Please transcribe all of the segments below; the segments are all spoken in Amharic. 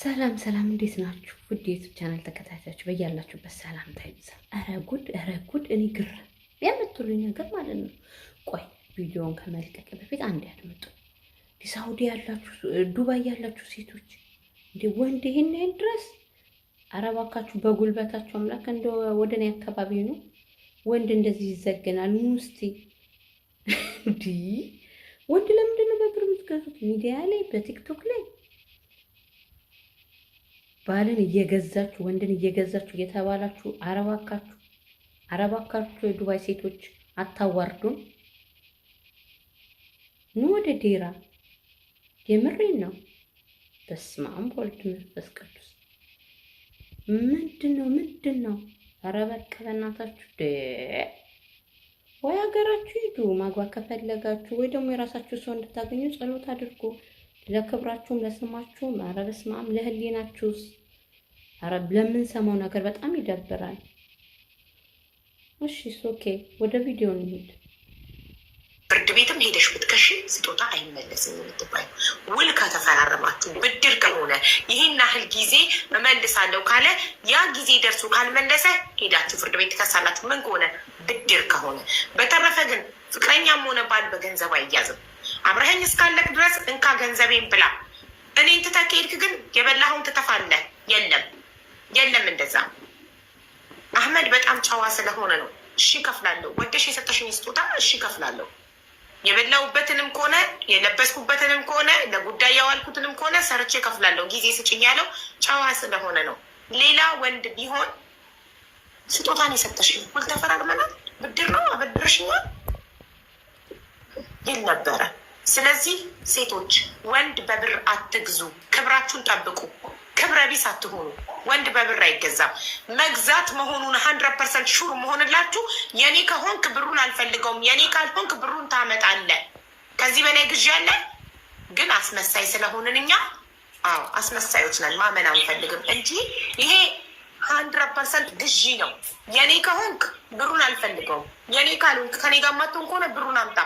ሰላም ሰላም፣ እንዴት ናችሁ? ውድ የዩቱብ ቻናል ተከታታዮች በያላችሁበት ሰላምታ ይብዛ። ኧረ ጉድ፣ ኧረ ጉድ! እኔ ግር የምትሉኝ ነገር ማለት ነው። ቆይ ቪዲዮውን ከመልቀቅ በፊት አንድ ያድምጡ። ሳውዲ ያላችሁ፣ ዱባይ ያላችሁ ሴቶች እንደ ወንድ ይህን ይህን ድረስ አረባካችሁ በጉልበታችሁ አምላክ እንደ ወደ እኔ አካባቢ ነው ወንድ እንደዚህ ይዘገናል። ሙስቲ እንዲ ወንድ ለምንድን ነው በብር የምትገዙት? ሚዲያ ላይ በቲክቶክ ላይ ባልን እየገዛችሁ ወንድን እየገዛችሁ እየተባላችሁ አረባካችሁ አረባካችሁ የዱባይ ሴቶች አታዋርዱን ኑ ወደ ዴራ። የምሬን ነው። በስመ አብ ወወልድ ወመንፈስ ቅዱስ። ምንድን ነው ምንድን ነው? ኧረ በቃ በእናታችሁ ወይ ሀገራችሁ ሂዱ ማግባት ከፈለጋችሁ፣ ወይ ደግሞ የራሳችሁ ሰው እንድታገኙ ጸሎት አድርጉ። ለክብራችሁም ለስማችሁም፣ ኧረ በስመ አብ ለህሊናችሁስ፣ ኧረ ለምንሰማው ነገር በጣም ይደብራል። እሺ ኦኬ፣ ወደ ቪዲዮ እንሂድ። ፍርድ ቤትም ሄደሽ ብትከሽ ስጦታ አይመለስም የምትባይ ውል ከተፈራረማችሁ ብድር ከሆነ ይህን ያህል ጊዜ እመልሳለሁ ካለ ያ ጊዜ ደርሶ ካልመለሰ ሄዳችሁ ፍርድ ቤት ትከሳላችሁ። ምን ከሆነ ብድር ከሆነ። በተረፈ ግን ፍቅረኛም ሆነ ባል በገንዘብ አይያዝም። አብረኸኝ እስካለቅ ድረስ እንካ ገንዘቤን ብላ። እኔን ትተህ ከሄድክ ግን የበላኸውን ትተፋለህ። የለም የለም፣ እንደዛ አህመድ በጣም ጨዋ ስለሆነ ነው። እሺ እከፍላለሁ፣ ወደሽ የሰጠሽኝ ስጦታ እሺ እከፍላለሁ። የበላሁበትንም ከሆነ የለበስኩበትንም ከሆነ ለጉዳይ ያዋልኩትንም ከሆነ ሰርቼ እከፍላለሁ፣ ጊዜ ስጭኝ ያለው ጨዋ ስለሆነ ነው። ሌላ ወንድ ቢሆን ስጦታን የሰጠሽኝ ሁል ተፈራርመናል፣ ብድር ነው አበድርሽኛል ይል ነበረ። ስለዚህ ሴቶች ወንድ በብር አትግዙ፣ ክብራችሁን ጠብቁ፣ ክብረ ቢስ አትሆኑ። ወንድ በብር አይገዛም። መግዛት መሆኑን ሀንድረድ ፐርሰንት ሹር መሆንላችሁ። የኔ ከሆንክ ብሩን አልፈልገውም፣ የኔ ካልሆንክ ብሩን ታመጣለህ። ከዚህ በላይ ግዢ ያለ ግን አስመሳይ ስለሆንን እኛ አዎ አስመሳዮች ነን። ማመን አንፈልግም እንጂ ይሄ ሀንድረድ ፐርሰንት ግዢ ነው። የኔ ከሆንክ ብሩን አልፈልገውም፣ የኔ ካልሆንክ ከኔ ጋር ማትሆን ከሆነ ብሩን አምጣ።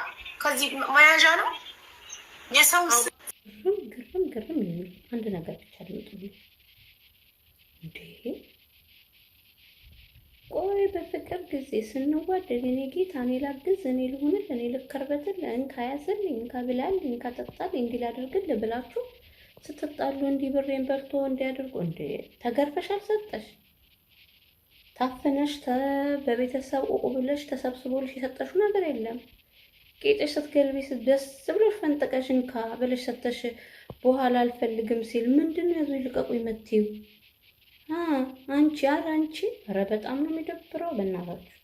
ከዚህ መያዣ ነው የሰው ግርም ግርም የሚል አንድ ነገር ብቻ አድምጡልኝ። እንዴ ቆይ በፍቅር ጊዜ ስንዋደድ እኔ ጌታ እኔ ላግዝ፣ እኔ ልሁንል፣ እኔ ልከርበትል፣ እንካ ያዝልኝ፣ እንካ ብላልኝ፣ እንካ ጠጣልኝ፣ እንዲህ ላድርግል ብላችሁ ስትጣሉ እንዲህ ብሬን በልቶ እንዲያደርጉ እንዴ ተገርፈሽ አልሰጠሽ ታፍነሽ በቤተሰብ ቁቁ ብለሽ ተሰብስቦልሽ የሰጠሽው ነገር የለም። ጌጥሽ ስትገልቢ ደስ ብሎሽ ፈንጠቀሽ እንካ ብለሽ ሰተሽ በኋላ አልፈልግም ሲል ምንድን ነው ያዙ ልቀቁ ይመትዩ አንቺ አረ አንቺ ኧረ በጣም ነው የሚደብረው። በእናታችሁ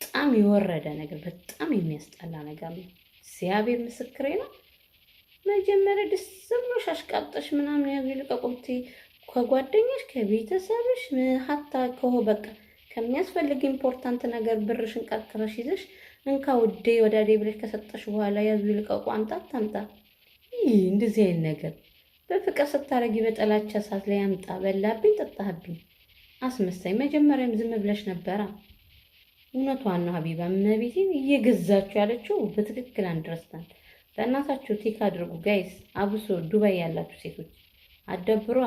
በጣም የወረደ ነገር፣ በጣም የሚያስጠላ ነገር ነው። እግዚአብሔር ምስክሬ ነው። መጀመሪያ ደስ ብሎሽ አሽቃብጠሽ ምናምን ያዙ ይልቀቁ ብትይ ከጓደኛሽ ከቤተሰብሽ ሀታ ከሆ በቃ ከሚያስፈልግ ኢምፖርታንት ነገር ብርሽን ቀርቅረሽ ይዘሽ እንካ ውዴ ወዳዴ ብለሽ ከሰጠሽ በኋላ ያዙ ይልቀቁ አምጣት ታምጣ። ይህ እንደዚህ አይነት ነገር በፍቅር ስታረጊ በጠላቻ እሳት ላይ አምጣ በላብኝ፣ ጠጣህብኝ፣ አስመሳኝ። መጀመሪያም ዝም ብለሽ ነበራ። እውነቷን ነው ሀቢባ እመቤቴ እየገዛችሁ ያለችው በትክክል አንድረስታል። በእናታችሁ ቴክ አድርጉ ጋይስ፣ አብሶ ዱባይ ያላችሁ ሴቶች አደብሯ